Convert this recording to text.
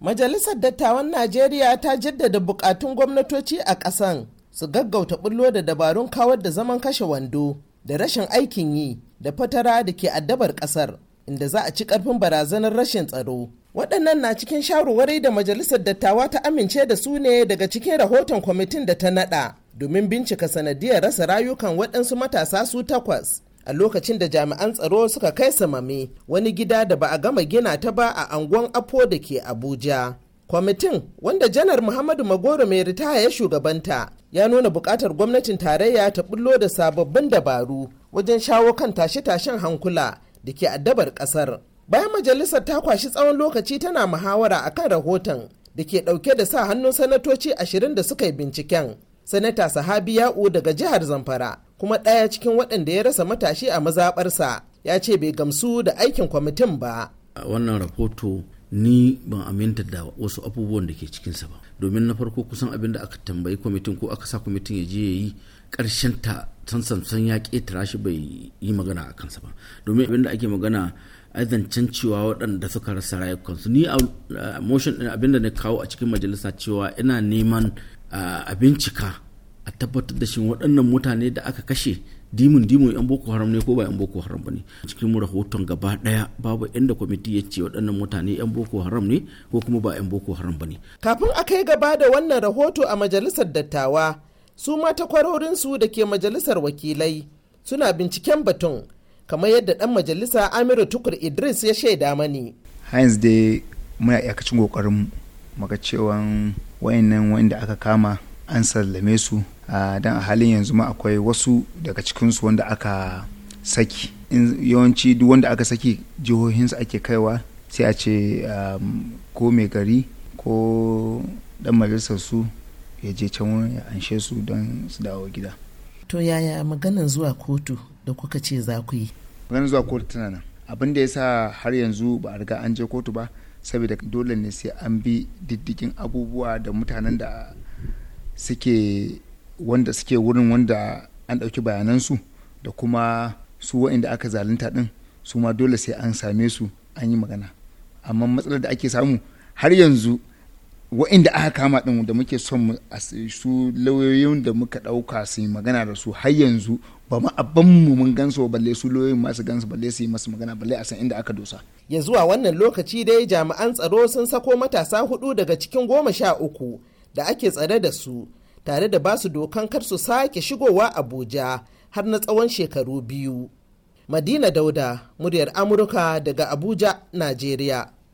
Majalisar Dattawan Najeriya ta jaddada bukatun gwamnatoci a ƙasan su gaggauta bullo da dabarun kawar da zaman kashe wando da rashin aikin yi da fatara da ke addabar ƙasar inda za a ci ƙarfin barazanar rashin tsaro. Waɗannan na cikin shawarwari da Majalisar Dattawa ta amince da su ne daga cikin rahoton kwamitin da ta naɗa domin bincika sanadiyar rasa rayukan waɗansu matasa su takwas a lokacin da jami'an tsaro suka kai samami wani gida da ba a gama gina ta ba a angon apo da ke abuja kwamitin wanda janar muhammadu magoro mai ritaya ya shugabanta ya nuna bukatar gwamnatin tarayya ta bullo da sababbin dabaru wajen shawo kan tashe-tashen hankula da ke addabar kasar bayan majalisar ta kwashi tsawon lokaci tana muhawara a kan rahoton da ke dauke da sa hannun sanatoci ashirin da suka yi binciken sanata sahabi ya'u daga jihar zamfara kuma ɗaya cikin waɗanda ya rasa matashi a mazaɓarsa ya ce bai gamsu da aikin kwamitin ba. wannan rahoto ni ban aminta da wasu abubuwan da ke cikinsa ba domin na farko kusan abin da aka tambayi kwamitin ko aka sa kwamitin ya je ya yi ƙarshen ta sansan ya ƙetara shi bai yi magana a kansa ba domin abin da ake magana zancen cewa waɗanda suka rasa rayukansu ni a motion abin da na kawo a cikin majalisa cewa ina neman a a tabbatar da shi waɗannan mutane da aka kashe dimun dimin yan boko haram ne ko ba yan boko haram ba ne cikin rahoton gaba ɗaya babu inda kwamiti ya ce waɗannan mutane yan boko haram ne ko kuma ba yan boko haram ba ne kafin a kai gaba da wannan rahoto a majalisar dattawa su ma ta su da ke majalisar wakilai suna binciken batun kamar yadda dan majalisa amiru tukur idris ya shaida mani hines dai muna iyakacin kokarin mu muga cewa wayannan wanda aka kama an sallame su don a halin yanzu ma akwai wasu daga cikinsu wanda aka saki yawanci duk wanda aka saki jihohinsu ake kaiwa sai a ce um, ko mai gari ko dan majalisar su ya je can wurin ya anshe su don su dawo gida to yaya maganan zuwa kotu da kuka ce za ku yi maganan zuwa kotu tana nan abin da ya sa har yanzu ba a riga an je kotu ba saboda dole ne sai an bi diddigin abubuwa da mutanen da suke wanda suke wurin wanda an ɗauki bayanansu da kuma su waɗanda aka zalunta ɗin su ma dole sai an same su an yi magana amma matsalar da ake samu har yanzu waɗanda aka kama ɗin da muke son su lauyoyin da muka ɗauka su yi magana da su har yanzu ba ma abban mu mun gansu balle su lauyoyin masu gansu balle su yi masu magana balle a san inda aka dosa ya zuwa wannan lokaci dai jami'an tsaro sun sako matasa hudu daga cikin goma sha uku da ake tsare da su tare da basu dokan kar su sake shigowa abuja har na tsawon shekaru biyu madina dauda muryar amurka daga abuja najeriya